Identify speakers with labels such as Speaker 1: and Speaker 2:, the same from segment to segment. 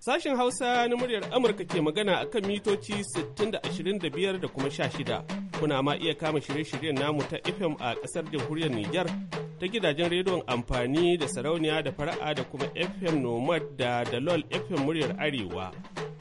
Speaker 1: Sashen Hausa na muryar Amurka ke magana a kan mitoci 60 da kuma 16. Kuna ma iya kama shirye-shiryen namu ta FM a ƙasar jamhuriyar Nijar ta gidajen rediyon amfani da sarauniya da fara'a da kuma FM Nomad da Dalol FM muryar Arewa.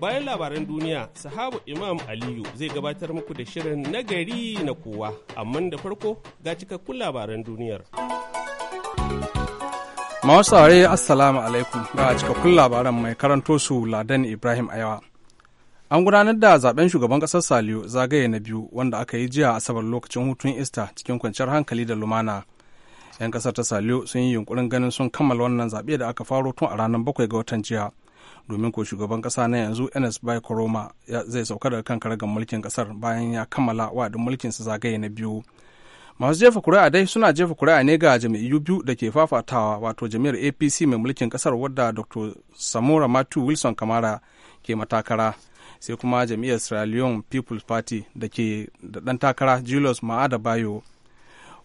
Speaker 1: Bayan labaran duniya, sahabu Imam Aliyu zai gabatar muku da shirin nagari na kowa, amma da farko ga cikakkun labaran duniyar.
Speaker 2: Mawasare Assalamu alaikum ga cikakkun labaran mai karanto su Ladan Ibrahim Ayawa. An gudanar da zaben shugaban ƙasar Saliyo zagaye na biyu wanda aka yi jiya Asabar lokacin hutun Ista cikin kwanciyar hankali da lumana. 'Yan ƙasar ta Saliyo sun yi yunkurin ganin sun kammala wannan zaɓe da aka faro tun a ranar bakwai ga watan jiya. domin ko shugaban kasa na yanzu ns bai koroma zai sauka daga kan karagar mulkin kasar bayan ya kammala wa'adin mulkinsa zagaye na biyu masu jefa kuri'a dai suna jefa kuri'a ne ga jam'iyyu biyu da ke fafatawa wato jami'ar apc mai mulkin kasar wadda dr samora matu wilson kamara ke matakara sai kuma jami'ar sierra leone people's party da ke da dan takara julius ma'ada bayo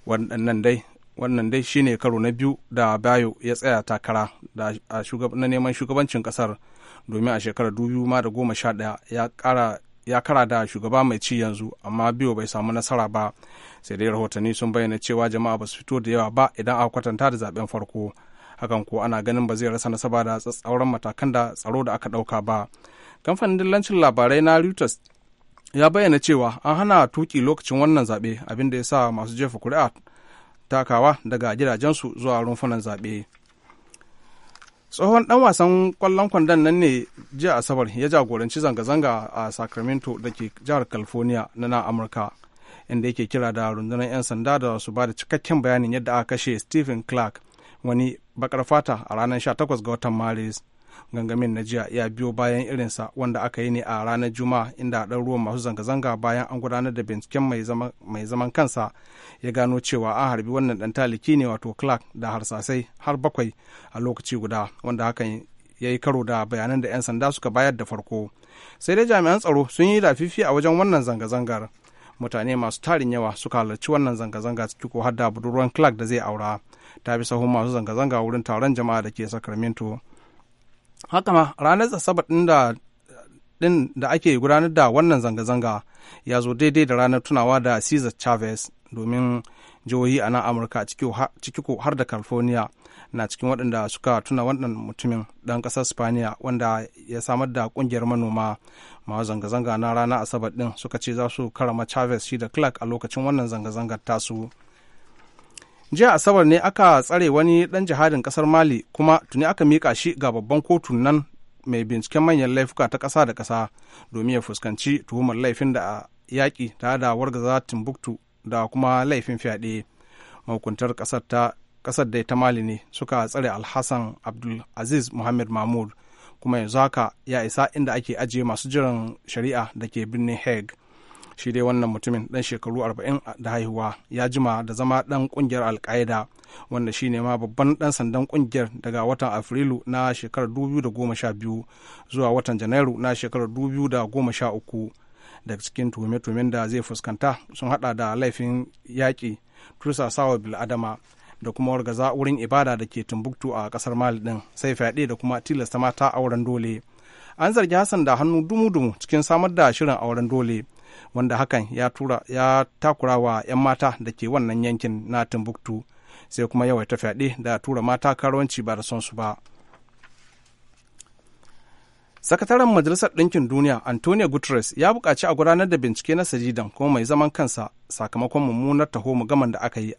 Speaker 2: wannan dai wannan dai shine karo na biyu da bayo ya tsaya takara da na neman shugabancin kasar domin a shekarar goma sha daya ya kara da shugaba mai ci yanzu amma biyu bai samu nasara ba sai dai rahotanni sun bayyana cewa jama'a ba su fito da yawa ba idan aka kwatanta da zaben farko hakan ko ana ganin ba zai rasa nasaba da tsatsauran matakan da tsaro da aka ɗauka ba kamfanin dillancin labarai na reuters ya bayyana cewa an hana tuki lokacin wannan zaɓe abinda ya sa masu jefa kuri'a takawa daga gidajensu zuwa rumfunan zaɓe. tsohon dan wasan kwallon kwandon nan ne jiya asabar ya jagoranci zanga-zanga a sacramento da ke jihar california na na amurka inda yake kira da rundunar 'yan sanda da su ba da cikakken bayanin yadda aka kashe stephen clark wani bakar fata a ranar 18 ga watan maris gangamin na jiya ya biyo bayan irinsa wanda aka yi ne a ranar juma'a inda ɗan ruwan masu zanga-zanga bayan an gudanar da binciken mai zaman kansa ya gano cewa an harbi wannan ɗan taliki ne wato clark da harsasai har bakwai a lokaci guda wanda hakan ya yi karo da bayanan da 'yan sanda suka bayar da farko sai dai jami'an tsaro sun yi lafifi a wajen wannan zanga-zangar mutane masu tarin yawa suka halarci wannan zanga-zanga ciki ko har da budurwan clark da zai aura ta bi sahun masu zanga-zanga wurin taron jama'a da ke sacramento haka ma ranar asabar din da ake gudanar da wannan zanga-zanga ya zo daidai da ranar tunawa da Cesar Chavez domin jihohi a nan Amurka ciki ko har da California na cikin waɗanda suka tuna wannan mutumin ɗan ƙasar Spaniya wanda ya samar da ƙungiyar manoma ma zanga-zanga na ranar asabar ɗin suka ce za su karama Chavez shi da Clark a lokacin wannan zanga-zangar tasu. jiya asabar ne aka tsare wani dan jihadin kasar mali kuma tuni aka mika shi ga babban kotun nan mai binciken manyan laifuka ta ƙasa da ƙasa domin ya fuskanci tuhumar laifin da a yaƙi tare da wargaza timbuktu da kuma laifin fyaɗe mahukuntar ƙasar ta ƙasar da ta mali ne suka tsare alhassan abdul aziz muhammad mahmud kuma yanzu haka ya isa inda ake ajiye masu jiran shari'a da ke birnin hague shi dai wannan mutumin dan shekaru 40 da haihuwa ya jima da zama dan kungiyar alkaida wanda shine ma babban dan sandan kungiyar daga watan afrilu na shekarar 2012 zuwa watan janairu na shekarar 2013 daga cikin tuhume-tuhumen da zai fuskanta sun hada da laifin yaƙi tursasawa bil'adama da kuma wargaza wurin ibada da ke tumbuktu a kasar mali din sai fyaɗe da kuma tilasta mata auren dole an zargi hassan da hannu dumu-dumu cikin samar da shirin auren dole wanda hakan ya tura ya takura wa 'yan mata da ke wannan yankin na timbuktu sai kuma yawai ta fyaɗe da tura mata karuwanci ba da son su ba sakataren majalisar ɗinkin duniya antonio guterres ya buƙaci a gudanar da bincike na sajidan kuma mai zaman kansa sakamakon mummunar taho gaman da aka yi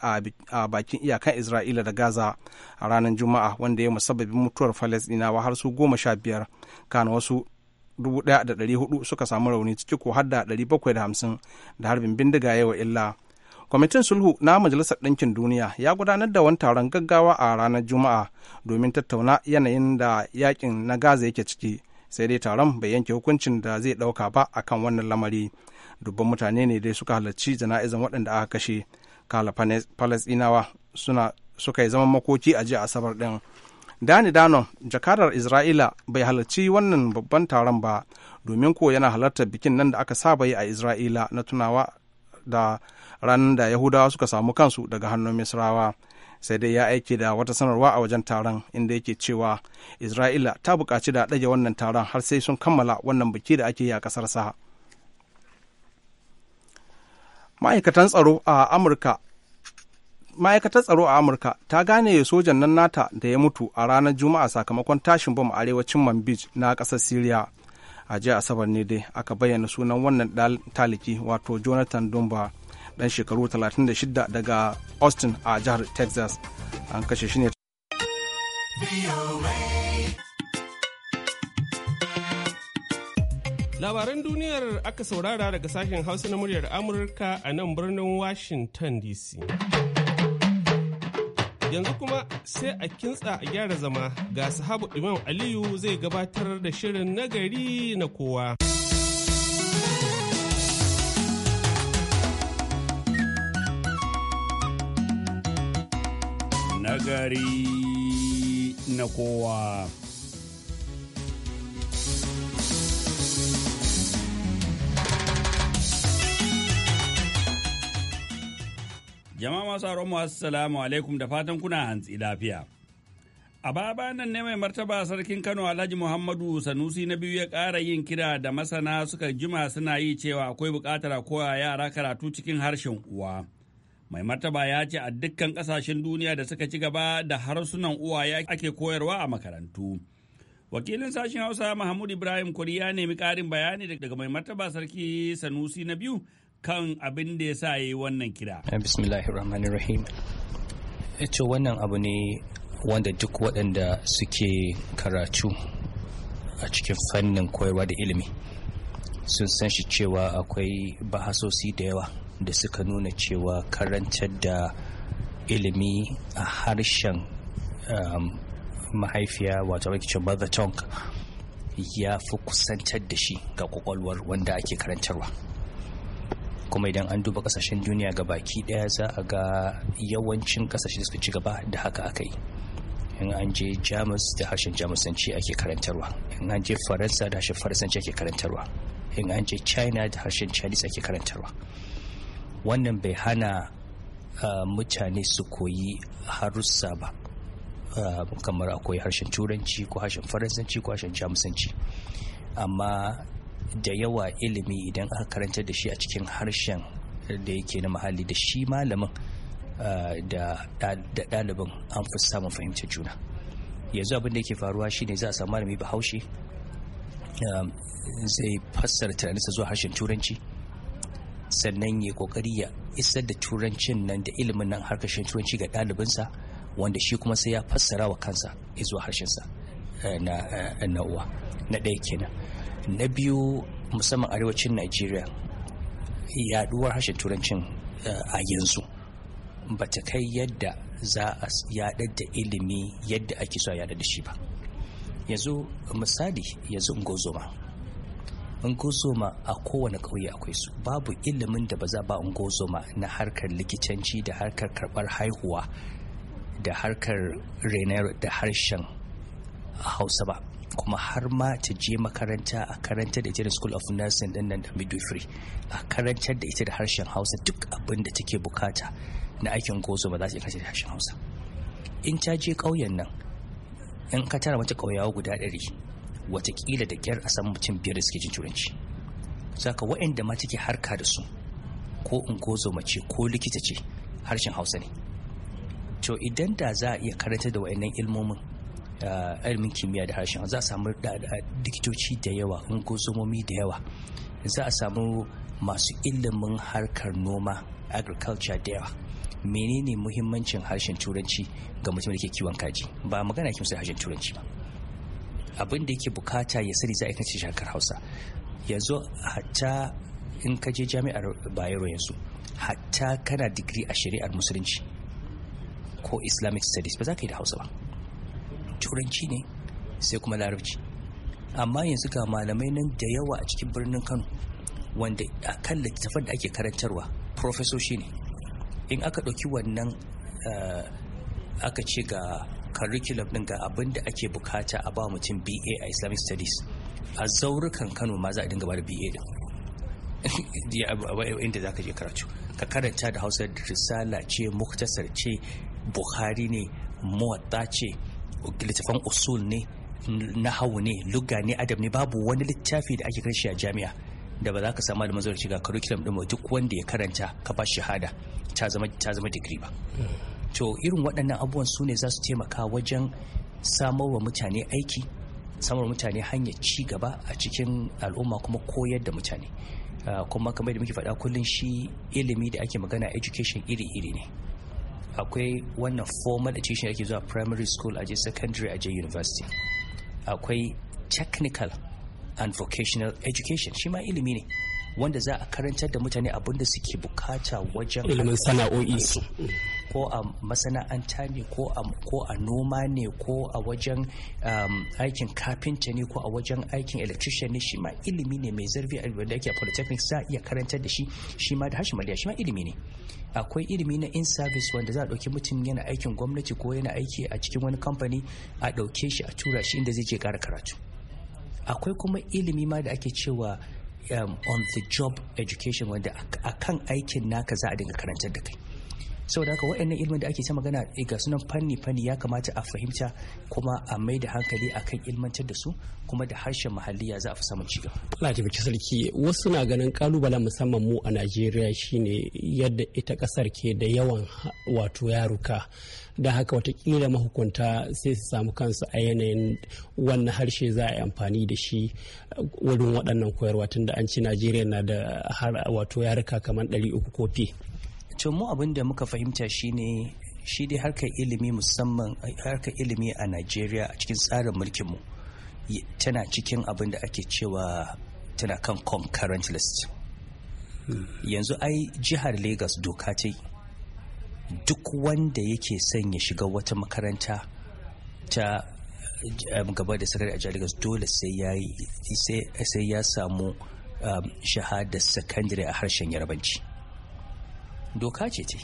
Speaker 2: a bakin iyakan isra'ila da gaza a ranar juma'a wanda ya musabbabin mutuwar falasɗinawa har su goma sha biyar kana wasu 1,400 suka samu rauni ciki ko har da 750 da harbin bindiga wa illa kwamitin sulhu na majalisar ɗinkin duniya ya gudanar da wani taron gaggawa a ranar juma'a domin tattauna yanayin da yakin na gaza yake ciki sai dai taron bai yanke hukuncin da zai ɗauka ba akan wannan lamari dubban mutane ne dai suka halarci jana'izan waɗanda aka kashe kala falasɗinawa suna suka yi zaman makoki a jiya asabar ɗin Dani Danon, jakadar Isra'ila bai halarci wannan babban taron ba, domin ko yana halartar bikin nan da aka saba yi a Isra'ila na tunawa da ranar da Yahudawa suka samu kansu daga hannun Misrawa. Sai dai ya aike da wata sanarwa a wajen taron inda yake cewa Isra'ila ta buƙaci da ɗage wannan taron har sai sun kammala wannan biki da ake yi a ƙasarsa. Ma'aikatan tsaro a Amurka ma'aikatar tsaro a amurka ta gane sojan nan nata da ya mutu a ranar juma'a sakamakon tashin bom arewacin manbij na ƙasar syria a jiya asabar ne dai aka bayyana sunan wannan taliki wato jonathan dumba dan shekaru 36 daga austin a jihar texas an kashe shi ne
Speaker 1: labaran duniyar aka saurara daga sashen hausa na muryar amurka a nan birnin washington dc Yanzu kuma sai a kintsa a gyara zama ga sahabu Imam Aliyu zai gabatar da shirin nagari na
Speaker 3: kowa. Nagari na kowa. Jama'a masu aromu assalamu alaikum da fatan kuna hantsi lafiya. A baya nan ne mai martaba sarkin Kano Alhaji Muhammadu Sanusi na biyu ya ƙara yin kira da masana suka jima suna yi cewa akwai buƙatar a koya yara karatu cikin harshen uwa. Mai martaba ya ce a dukkan ƙasashen duniya da suka ci gaba da harsunan uwaye ake koyarwa a makarantu. Wakilin sashen Hausa Mahmud Ibrahim Kuri ya nemi ƙarin bayani daga mai martaba sarki Sanusi na biyu kan abin da ya sa yi wannan kira.
Speaker 4: Eh, bismillahirrahmanirrahim. Ito wannan abu ne wanda duk waɗanda suke karatu a cikin fannin koyarwa da ilimi sun san shi cewa akwai bahasosi da yawa da suka nuna cewa karantar da ilimi a harshen um, mahaifiya wato ce mother tongue ya fi kusantar da shi ga kwakwalwar wanda ake karantarwa. kuma idan an duba kasashen duniya ga baki daya za a ga yawancin kasashe da suka ci gaba da haka aka yi in an je jamus da harshen jamusanci ake karantarwa in an je faransa da harshen faransanci ake karantarwa in an je china da harshen chinese ake karantarwa wannan bai hana mutane su koyi harussa ba kamar akwai harshen turanci ko harshen faransanci ko harshen jamusanci amma da yawa ilimi idan aka karanta da shi a cikin harshen da yake na muhalli da shi malamin ah, da ɗalibin an fi samun fahimtar juna yanzu abin da yake faruwa shi ne za a samu malami bahaushe ah, zai fassara tunaninsa zuwa harshen turanci sannan ya kokari ya isar da turancin nan da ilimin nan harkashin turanci ga ɗalibinsa wanda shi kuma sai ya fassara wa kansa zuwa harshensa eh, eh, na uwa na ɗaya kenan na biyu musamman arewacin najeriya yaduwar harshen turancin eh, a yanzu ba ta kai yadda za a yada da ilimi yadda ake so yada da shi ba yanzu misali yanzu ngozoma ungozoma a kowane ƙauye akwai su babu ilimin da ba za ba ungozoma na harkar likitanci da harkar karɓar haihuwa da harkar renar da harshen hausa ba kuma har ma ta je makaranta a karantar da ita da school of nursing din nan da midwifery a karantar da ita da harshen hausa duk abin da take bukata na aikin gozo ba za ta iya da harshen hausa in ta je ƙauyen nan in ka tara mata ƙauyawa guda ɗari watakila da kyar a san mutum biyar da suke jin turanci saka waɗanda ma take harka da su ko in gozo mace ko likita ce harshen hausa ne to idan da za a iya karanta da waɗannan ilmomin ilimin kimiyya da harshen za a samu likitoci da yawa ungozomomi da yawa za a samu masu ilimin harkar noma agriculture da yawa menene muhimmancin harshen turanci ga mutum da ke kiwon kaji ba magana ke musu harshen turanci ba abin da yake bukata ya sani za a kace shakar hausa yanzu hatta in ka je jami'ar bayero yanzu hatta kana digiri a shari'ar musulunci ko islamic studies ba za ka yi da hausa ba turanci ne sai kuma larabci amma yanzu ga malamai nan da yawa a cikin birnin kano wanda a kan littattafan da ake karantarwa profesoshi ne in aka ɗauki wannan eh, aka ce ga curriculum ɗin ga abin da ake bukata a ba mutum ba a islamic studies a zaurukan kano ma za a dinga ba da ba ɗin inda za ka je karatu ka karanta da hausa da risala ce muktasar ce Buhari ne muwatta ce littafan usul ne na hawu ne lugga ne adam ne babu wani littafi da ake shi a jami'a da ba za ka samu da mazaunar shiga curriculum din duk wanda ya karanta ka ba shahada ta zama digiri ba to irin waɗannan abubuwan su ne za su taimaka wajen samar wa mutane aiki samar wa mutane hanyar ci gaba a cikin al'umma kuma koyar da mutane ah, kuma kamar da muke faɗa kullum shi ilimi da ake magana education iri-iri ne akwai wannan formal education ake zuwa primary school aje secondary aje university akwai technical and vocational education shi ma ilimi ne wanda za a karantar da mutane abin da suke bukata wajen ilimin sana'o'i su ko a masana'anta ne ko a noma ne ko a wajen um, aikin kafinta ne ko a wajen aikin electrician ne shi ma ilimi ne mai zarfi a wanda ake a polytechnic za a iya karantar da shi shi ma da harshen maliya shi ma ilimi ne akwai ilimi na in service wanda za a ɗauki mutum yana aikin gwamnati ko yana aiki a cikin wani kamfani a ɗauke shi a tura shi inda zai je ƙara karatu akwai kuma ilimi ma da ake cewa Um, on the job education wanda akan aikin naka za a dinga karantar da kai saboda haka waɗannan ilmin da ake ta magana eh, ga sunan fanni fanni ya kamata a fahimta kuma a mai da hankali a kan ilmantar da su kuma da harshen mahalliya za a fi samun cigaba. Lati ta sarki wasu na ganin kalubalen musamman mu a Najeriya shine yadda ita kasar ke da yawan wato yaruka da haka watakila mahukunta sai su samu kansu a yanayin wannan harshe za a yi amfani da shi uh, wurin waɗannan koyarwa tun da an ci Najeriya na da wato yaruka kamar ɗari uku kofi. to mu abin da muka fahimta shine shi dai harkar ilimi musamman harkar ilimi a najeriya a cikin tsarin mulkinmu tana cikin abin da ake cewa tana kan concurrent list yanzu ai jihar lagos doka ce duk wanda yake son ya shiga wata makaranta ta um, gaba da sakari a jihar lagos dole sai ya samu um, shahadar sakandare a harshen yarabanci doka ce ce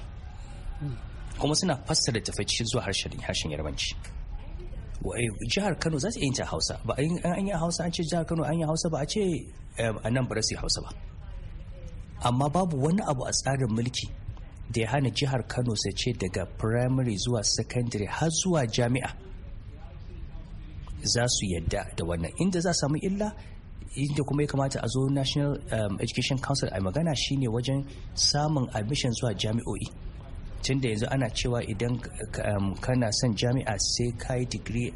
Speaker 4: kuma suna fassara tafaici zuwa harshen yarbanci jihar kano za su iya hausa ba an yi hausa an ce jihar kano an yi hausa ba a ce eh, a nan ba su yi hausa ba amma babu wani abu a tsarin mulki da ya hana jihar kano sai ce daga primary zuwa secondary har zuwa jami'a za su yadda da wannan inda za samu illa inda kuma ya kamata a zo national um, education council a magana shine wajen samun admission zuwa jami'o'i tun da yanzu ana cewa idan um, kana son jami'a sai ka yi digiri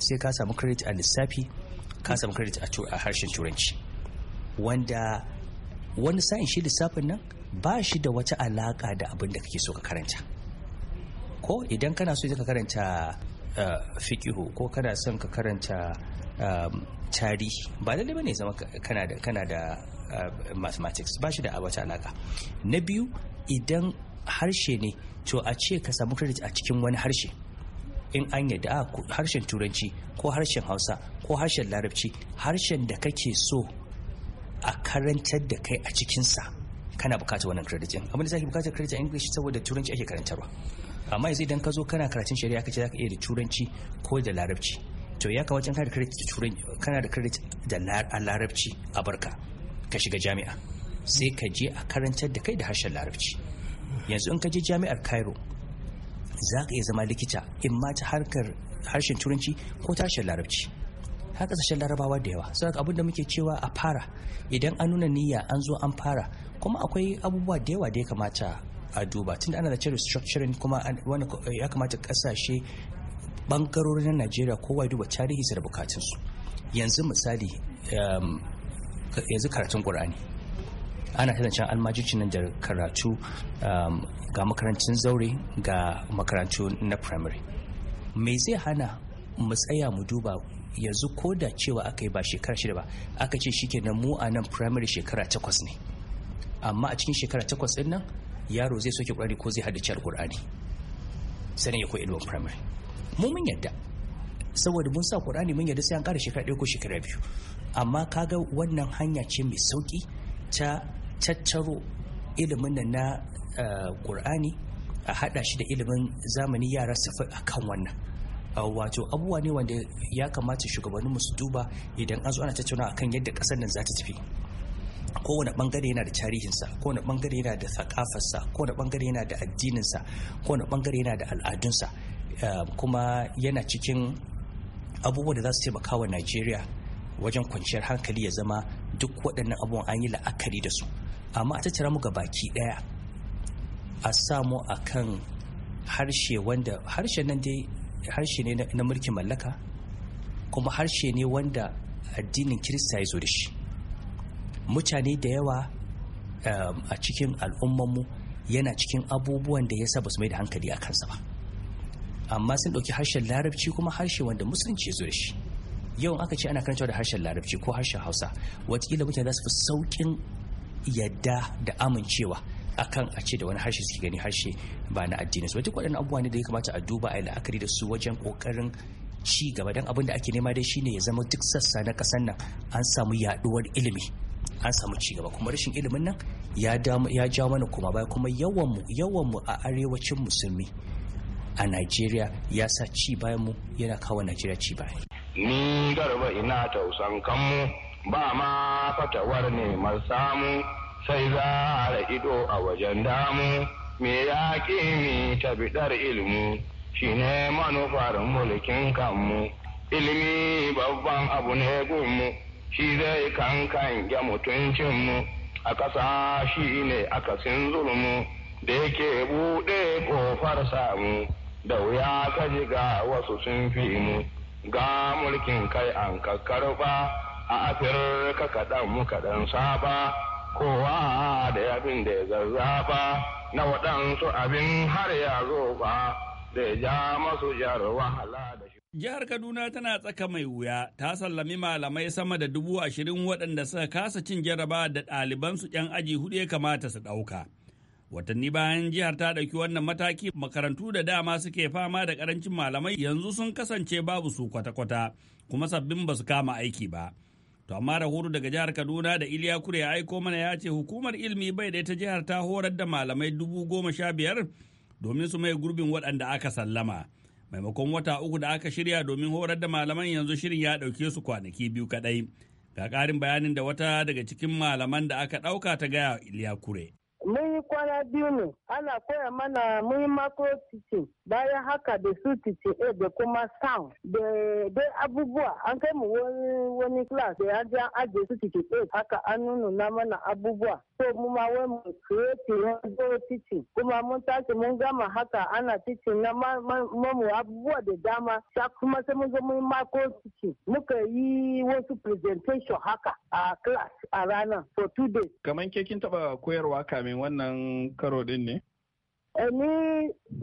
Speaker 4: sai ka samu credit a lissafi ka samu credit a harshen turanci wanda wani sa'in shi lissafin nan ba shi da wata alaka da abin da kake so ka karanta ko idan kana so ka karanta uh, fikihu ko kana son ka karanta um, Tarihi ba lalle bane zama kana da kana da uh, mathematics ba shi da wata alaka na biyu idan harshe ne to a ce ka samu credit a cikin wani harshe in an yadda harshen turanci ko harshen hausa ko harshen larabci harshen da kake so a karantar da kai a cikinsa kana bukatar wannan credit din abin da zaki bukatar credit a english saboda turanci ake karantarwa amma yanzu idan ka zo kana karatun shari'a ce za ka iya da turanci ko da larabci to ya ka can kana da credit kana da credit da larabci a barka ka shiga jami'a sai ka je a karantar da kai da harshen larabci yanzu in ka je jami'ar cairo za ka iya zama likita in ma ta harkar harshen turanci ko ta harshen larabci har kasashen larabawa da yawa saboda abin da muke cewa a fara idan an nuna niyya an zo an fara kuma akwai abubuwa da yawa da ya kamata a duba tunda ana da cire structuring kuma wani ya kamata kasashe bangarorin na najeriya kowa duba su da bukatunsu yanzu misali um, yanzu karatun Qur'ani, ana tana almajicin nan da karatu um, ga makarantun zaure ga makarantu na primary me zai hana mu tsaya mu duba yanzu ko da cewa aka yi ba shekara shida ba aka ce shi kenan mu a nan primary shekara takwas ne amma a cikin shekara takwas din nan yaro zai soke ƙwari ko zai cikin alƙur'ani sanin ya koyi ilimin primary mu mun yadda saboda mun sa qur'ani mun yadda sai an ƙara shekara ɗaya ko shekara biyu amma ka ga wannan hanya ce mai sauki ta tattaro ilimin nan na kur'ani eh, a haɗa shi da ilimin zamani yara safi a kan wannan eh, wato abubuwa ne wanda ya kamata shugabannin su duba idan an zo ana tattauna akan yadda ƙasar nan za ta tafi kowane bangare yana da tarihinsa kowane bangare yana da thakafarsa kowane bangare yana da addininsa kowane bangare yana da al'adunsa Eh, kuma yana cikin abubuwan da za su taimaka wa najeriya wajen kwanciyar hankali ya zama duk waɗannan abubuwan an yi la'akari da su amma a tattara mu ga baki ɗaya a samu a kan harshe wanda harshe nan dai harshe ne na mulkin mallaka kuma harshe ne wanda addinin kirista ya zo da shi mutane da yawa eh, a cikin al'ummanmu yana cikin abubuwan da ya sa ba su mai da hankali a kansa ba amma sun ɗauki harshen larabci kuma harshe wanda musulunci ya zo da shi yawan aka ce ana karantawa da harshen larabci ko harshen hausa watakila mutane za su fi sauƙin yadda da amincewa akan a ce da wani harshe suke gani harshe ba na addini su duk waɗannan abubuwa ne da ya kamata a duba a la'akari da su wajen ƙoƙarin ci gaba don abin da ake nema dai shine ya zama duk sassa na ƙasar nan an samu yaɗuwar ilimi an samu ci gaba kuma rashin ilimin nan ya jawo mana kuma baya kuma yawan mu a arewacin musulmi a Najeriya ya sa ci bayan mu yana kawo Najeriya ci bayan.
Speaker 2: Ni garba ina tausan kanmu ba ma fatawar neman samu sai za a ido a wajen damu
Speaker 5: me ya mi tabidar shi ne manufar mulkin
Speaker 6: kanmu ilimi babban abu ne gunmu shi zai kankan ya mutuncinmu a ƙasa shi ne akasin zulmu da yake
Speaker 5: buɗe ƙofar samu da wuya ka ji ga wasu sun fi mu
Speaker 2: ga mulkin kai an kakkarba a afirka kaɗan mu
Speaker 6: kaɗan saba kowa da yabin da ya na waɗansu
Speaker 3: abin har ya zo
Speaker 6: ba da
Speaker 3: ja masu jar wahala da shi. Jihar Kaduna tana tsaka mai wuya ta sallami malamai sama da dubu ashirin waɗanda suka kasa cin jaraba da ɗalibansu 'yan aji hudu ya kamata su ɗauka. Watanni bayan jihar ta ɗauki wannan mataki makarantu da dama suke fama da ƙarancin malamai yanzu sun kasance babu su kwata-kwata kuma sabbin ba su kama aiki ba. To amma rahoto daga jihar Kaduna da Iliya Kure ya aiko mana ya ce hukumar ilimi bai da ta jihar ta horar da malamai dubu goma sha biyar domin su mai gurbin waɗanda aka sallama. Maimakon wata uku da aka shirya domin horar da malaman yanzu shirin ya ɗauke su kwanaki biyu kaɗai. Ga ƙarin bayanin da wata daga cikin malaman da aka ɗauka ta gaya Iliya Kure.
Speaker 7: munyikwara dinu ana koya mana muyi macro teaching bayan haka da su teaching aid da kuma sound da dai abubuwa an klas ya wani wani class da an je an ajiye su teaching aid haka an nuna mana abubuwa so mu ma wai mu create wani teaching kuma mun tashi mun gama haka ana teaching na mamu abubuwa da dama sa kuma sai mun zo mun macro teaching muka yi wasu presentation haka a klas a ranar for
Speaker 3: two days. Kaman ke kin taba koyarwa kamin yin wannan karo din ne?
Speaker 7: Eh, ni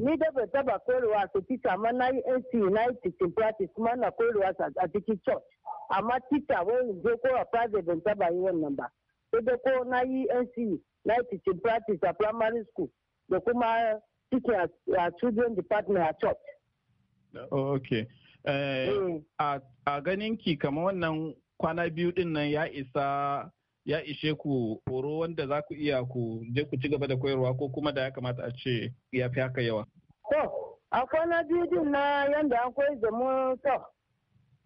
Speaker 7: ni da ban taba koyarwa su tita amma na yi nc United in practice kuma na koyarwa a cikin church amma tita wai je ko a private ban taba yi wannan ba sai da ko na yi nc United in practice a primary school da kuma cikin a children department a church.
Speaker 8: ok eh,
Speaker 3: eh. a ganin ki kamar wannan kwana biyu din nan ya isa ya ishe ku horo wanda za ku iya ku je ku ci gaba da koyarwa ko kuma da ya kamata a ce ya fi haka yawa?
Speaker 7: To, akwai na biyu na yanda an koyi da mu to.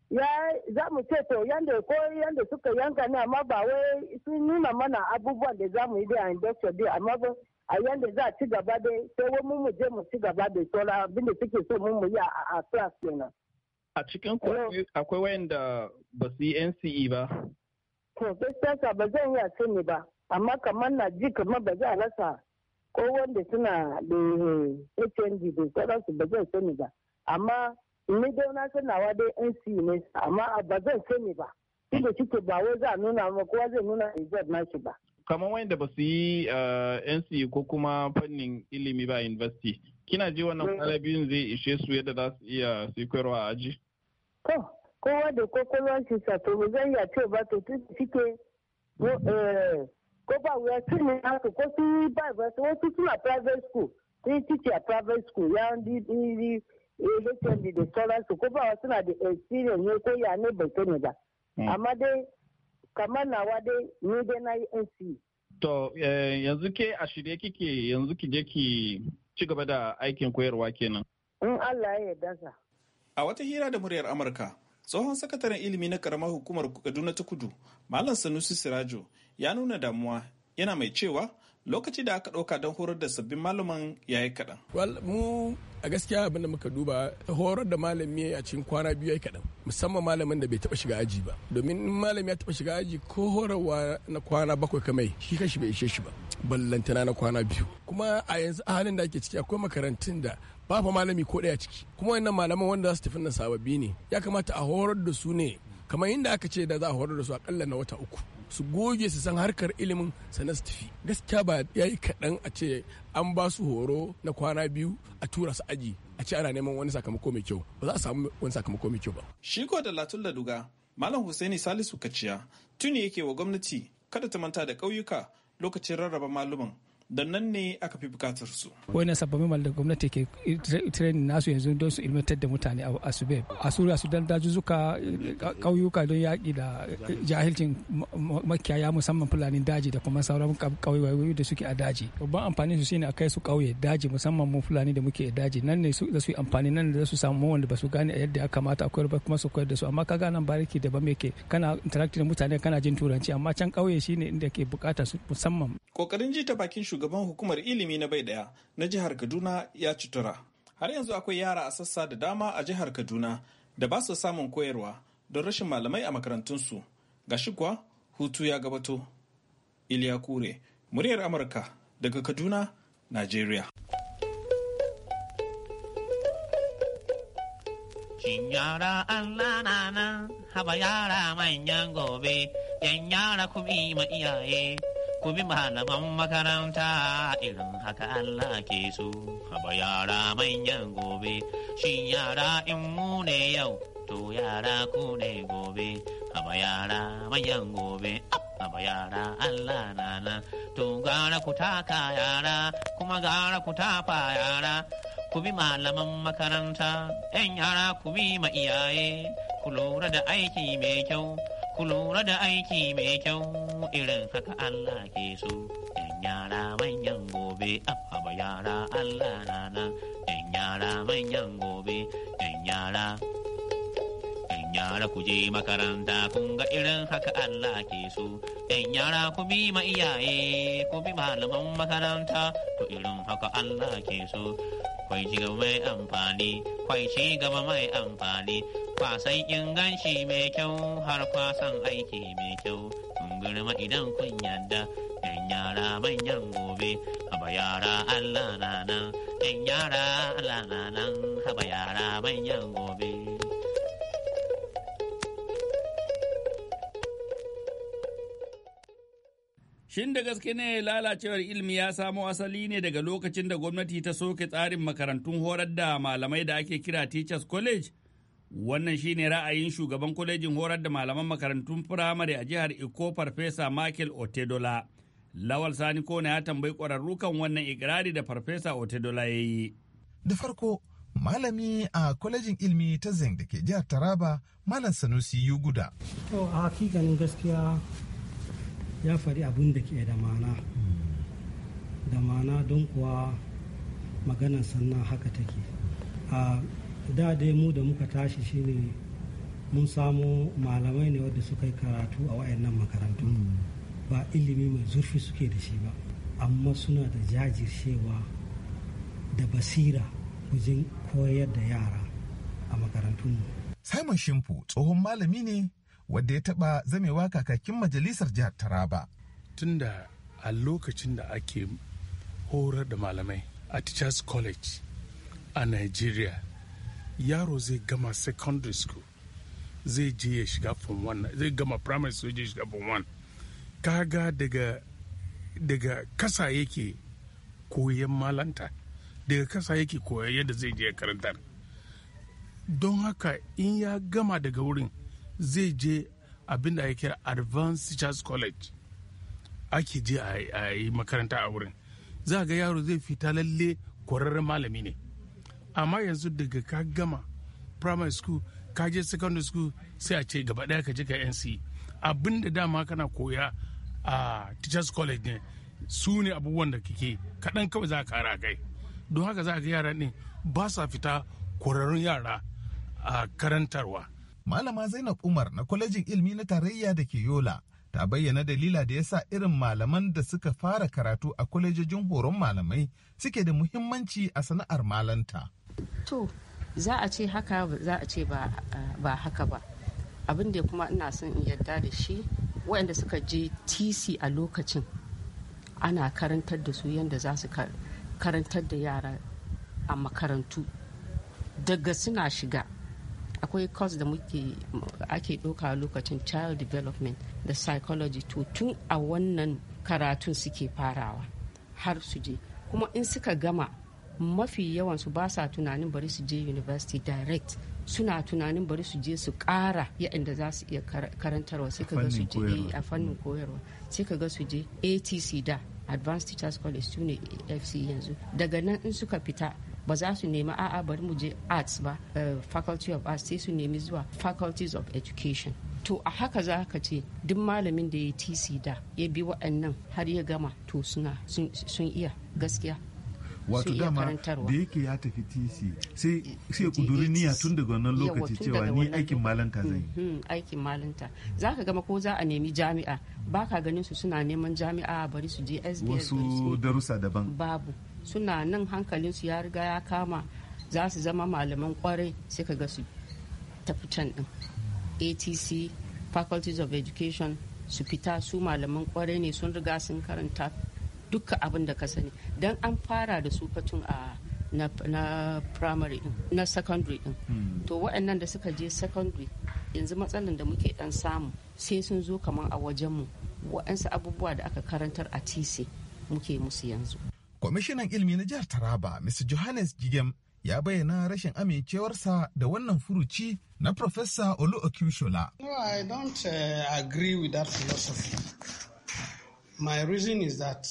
Speaker 7: Ya za mu ce to yanda koyi yanda suka yanka ne amma ba wai sun nuna mana abubuwan da za mu yi da industry dai amma ba a yanda za a ci gaba dai sai wai mu je mu ci gaba da sauran abinda suke so mu mu yi a class kenan. A
Speaker 3: cikin akwai wayanda ba su yi NCE ba.
Speaker 7: to gaskiya ka ba zan iya sani ba amma kamar na ji kamar ba za a rasa ko wanda suna da hnd eh, da sauransu ba zan sani ba amma ni dai na sanawa dai nc ne amma ba zan sani ba inda kike ba wai za a nuna ma kowa zai nuna result nashi ba
Speaker 3: kamar wanda ba su yi eh, nc ko kuma fannin ilimi ba university kina ji wannan kwalabiyun eh. zai ishe su yadda za su iya su aji
Speaker 7: to kowa da kwakwalwar sa to ba zan yace ba to tun suke eh, ko ba wuya tun ne haka ko su ba ba su wasu suna private school sun yi a private school ya HMD eh, da sauransu ko ba wasu na da experience ne ko ya ne bai sani ba hmm. amma dai kamar nawa dai ni dai na yi NC. To
Speaker 3: eh, yanzu ke a shirye kike yanzu ki je ki ci gaba da aikin koyarwa kenan.
Speaker 7: In Allah ya yarda sa.
Speaker 3: A wata hira
Speaker 1: tsohon sakataren ilimi na karamar hukumar kaduna ta kudu malam sanusi sirajo ya nuna damuwa yana mai cewa lokaci da aka ɗauka don horar da sabbin malaman ya yi kaɗan.
Speaker 6: Well, mu a gaskiya abin da muka duba horar da malami a cikin kwana biyu ya yi kaɗan musamman malamin da bai taɓa shiga aji ba domin malami ya taɓa shiga aji ko horarwa na kwana bakwai kamai shi kashi bai ishe shi ba ballantana na kwana biyu kuma a yanzu halin da ake ciki akwai makarantun da ba fa malami ko ɗaya ciki kuma wannan malaman wanda za su tafi na sababbi ne ya kamata a horar da su ne kamar inda aka ce da za a horar da su akalla na wata uku su goge su san harkar ilimin sana su tafi gaskiya ba ya yi kaɗan a ce an ba su horo na kwana biyu a tura su aji a ce ana neman wani sakamako mai kyau ba za a samu wani sakamako mai kyau ba.
Speaker 1: shi ko da latun duga malam husaini salisu kaciya tuni yake wa gwamnati kada ta manta da ƙauyuka lokacin rarraba malumin don nan ne aka fi bukatar su.
Speaker 6: Wani sababbin mal da gwamnati ke training nasu yanzu don su ilmantar da mutane a Subeb. A Suriya su
Speaker 4: dan zuka kauyuka don yaƙi da jahilcin makiyaya musamman Fulani daji da kuma sauran ƙauyoyi da suke a daji. Babban amfanin su shine a kai su kauye daji musamman mu Fulani da muke daji nan ne za su yi amfani nan da su samu wanda ba su gane a yadda ya kamata a koyar ba kuma su koyar da su amma ga nan bariki daban meke kana interacting da mutane kana jin turanci amma can ƙauye shine inda ke bukatar su musamman.
Speaker 1: Kokarin ji ta bakin shugaban hukumar ilimi na bai daya na jihar kaduna ya cutura har yanzu akwai yara a sassa da dama a jihar kaduna da ba su samun koyarwa don rashin malamai a makarantunsu ga shi kuwa hutu ya gabato iliya kure muryar amurka daga kaduna nigeria
Speaker 8: Shin yara Allah na nan, haba yara manyan gobe, yan yara kuma ma iyaye. ku bi malaman makaranta irin haka Allah ke so, haba yara manyan gobe, shin yara in mu ne yau, to yara ku ne gobe, haba yara manyan gobe, haba yara Allah to gara ku taka yara, kuma gara ku tafa yara, ku malaman makaranta, ‘yan yara ku bi ma iyaye, ku lura da aiki mai kyau. ku lura da aiki mai kyau irin haka Allah ke so. ‘Yan yara manyan gobe, abba yara Allah na ‘yan yara manyan gobe, ‘yan yara. ‘Yan yara ku je makaranta kun ga irin haka Allah ke so. ‘Yan yara ku bi ma iyaye, ku bi malaman makaranta, to irin haka Allah ke so. Kwai ci gaba mai amfani, kwai ci gaba mai amfani. kwasan inganci mai kyau har kwasan aiki mai kyau kun girma idan kun yadda yan yara manyan gobe haba yara allah na nan yan yara allah na nan haba yara manyan gobe
Speaker 3: Shin da gaske ne lalacewar ilimi ya samo asali ne daga lokacin da gwamnati ta soke tsarin makarantun horar da malamai da ake kira Teachers College? Wannan shi ne ra'ayin shugaban kwalejin horar da malaman makarantun firamare a jihar Iko Farfesa Michael Otedola. Lawal Sani Kona ya tambayi ƙwararru kan wannan ikirari da Farfesa Otedola ya yi.
Speaker 9: Da farko, malami a kwalejin ilmi ta Zeng da ke jihar
Speaker 7: Taraba, Malam Sanusi guda To a hakikanin gaskiya ya faɗi abin da ke da mana. Da mana don kuwa maganar sannan haka take. da dai mu da muka tashi shine mun samu malamai ne wadda suka yi karatu a wayannan makarantu mm. ba ilimi mai zurfi suke da shi ba amma suna da jajircewa da basira wajen koyar da yara a makarantunmu. simon
Speaker 9: shimfu tsohon malami
Speaker 6: ne wadda ya taba
Speaker 9: zamewa kakakin majalisar jihar taraba
Speaker 6: tunda a lokacin da ake horar da malamai a teachers college a nigeria yaro zai gama secondary school zai je ya shiga form 1 zai gama primary school zai shiga form 1 kaga daga daga kasa yake koyan malanta daga kasa yake koyan yadda zai je karanta don haka in ya gama daga wurin zai je abinda ya kira advanced teachers college ake je a yi makaranta a wurin za ga yaro zai fita lalle kwararren malami ne amma yanzu daga ka gama primary school ka je secondary school sai a ce gaba ɗaya ka je ka nc abin da dama kana koya a teachers college ne su ne abubuwan da kike kaɗan kawai za ka kara kai don haka za ga yara ne ba sa fita kwararrun yara a karantarwa
Speaker 9: malama zainab umar na kwalejin ilmi na tarayya da ke yola ta bayyana dalila da ya sa irin malaman da suka fara karatu a kwalejojin horon malamai suke da muhimmanci a sana'ar malanta.
Speaker 10: To, za a ce haka za a ce ba haka ba. Abin da kuma ina son in yarda da shi waɗanda suka je TC a lokacin ana karantar da su yadda za su karantar da yara a makarantu daga suna shiga akwai course da muke ake ɗauka lokacin child development da psychology to tun a wannan karatun suke farawa har su je kuma in suka gama mafi yawansu ba sa tunanin bari su je university direct suna tunanin bari su je su kara yaɗanda za su iya karantarwa eh, mm. sai ka ga su je a fannin koyarwa sai ka ga su je atc da advanced teachers college su ne afc yanzu daga nan in suka fita ba za su nemi a'a bari mu je arts ba eh, faculty of arts sai su nemi zuwa faculties of education to a haka za ka ce duk malamin da ya tc da ya bi waɗannan har ya gama to suna sun iya gaskiya wato dama da
Speaker 9: yake ya tafi tc sai kuduri niyya tun daga wannan lokaci cewa ni aikin malanta zai yi
Speaker 10: hmm, hmm, aikin malanta za ka gama ko za a nemi jami'a ba ka ganin su suna neman jami'a bari su je sbs wasu
Speaker 9: darussa daban
Speaker 10: babu suna nan hankalin su ya riga ya kama za su zama malaman kwarai sai ka ga su tafi can din atc faculties of education su fita su malaman kwarai ne sun riga sun karanta dukkan abin da ka sani don an fara da su fatun a na, na primary din na secondary din hmm. to waɗannan da suka je secondary yanzu matsalan da muke dan samu sai sun zo kamar a wajen mu waɗansu abubuwa da aka karantar a tc muke musu yanzu
Speaker 9: kwamishinan ilimi na jihar taraba mr johannes gigem ya bayyana rashin amincewarsa da wannan furuci na Professor Olu Okushola. No, I don't uh, agree with that philosophy. My reason is that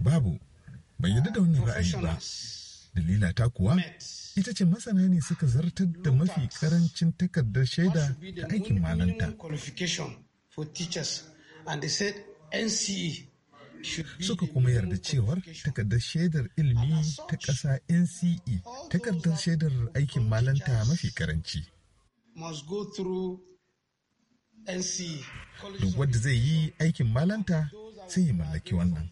Speaker 9: babu bai yadda da wannan ra'ayi ba dalila ta kuwa ita ce masana ne suka zartar da mafi karancin takardar shaida ta aikin malanta e suka kuma yarda cewar takardar shaidar ilimi ta ƙasa nce takardar shaidar aikin malanta mafi karanci e. duk wadda zai yi aikin malanta sai ya mallaki wannan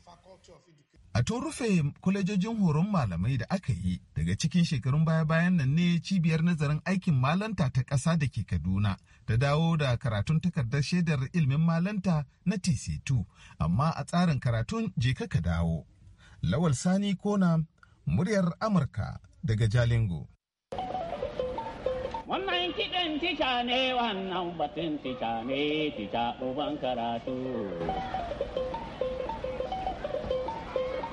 Speaker 9: A tun rufe kwalejojin horon malamai da aka yi daga cikin shekarun baya-bayan nan ne cibiyar nazarin aikin malanta ta ƙasa da ke Kaduna ta dawo da karatun takardar shaidar ilimin malanta na TC2, amma a tsarin karatun je ka dawo. Lawal Sani Kona, muryar Amurka daga Jalingo.
Speaker 5: Wannan kiɗin tica ne wannan batun tica ne tica karatu.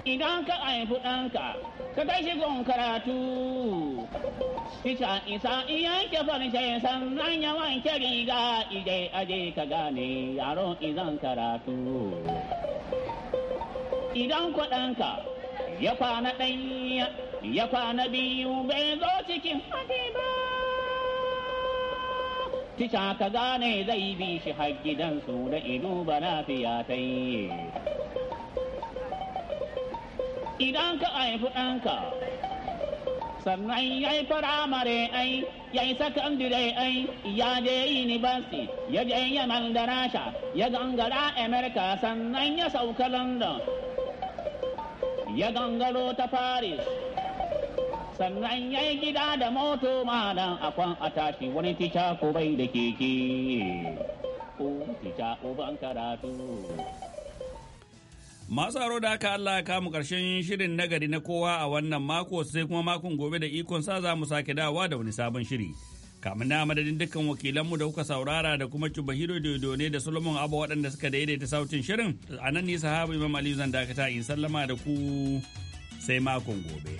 Speaker 5: Idan ka haifi ɗanka, ka kai shi gun karatu. Isa isa iya ke farce sannan ya wanke riga ije aje ka gane yaro izan karatu. Idan kuɗanka ya kwana ɗanya, ya kwana biyu bai zo cikin haɗe ba. Tisha ka gane zai bi shi har gidansu da ido ba lafiya ta yi. idan ka haifi ɗanka sannan ya yi firamare ai ya yi sakandire ai ya je university ya je yaman da rasha ya gangara Amerika sannan ya sauka london ya gangaro ta paris sannan ya yi gida da moto mana akwan a tashi wani tica ko bai da keke ko tica uban karatu
Speaker 3: Masu aro da aka Allah ya mu ƙarshen shirin nagari na kowa a wannan mako sai kuma makon gobe da ikon sa za mu sake dawa da wani sabon shiri. Kamin na madadin dukkan wakilanmu da kuka saurara da kuma Cibahiro ne da Solomon Abba waɗanda suka daidaita sautin shirin a nan ni sahabu Imam Aliyu zan dakata in sallama da ku sai makon gobe.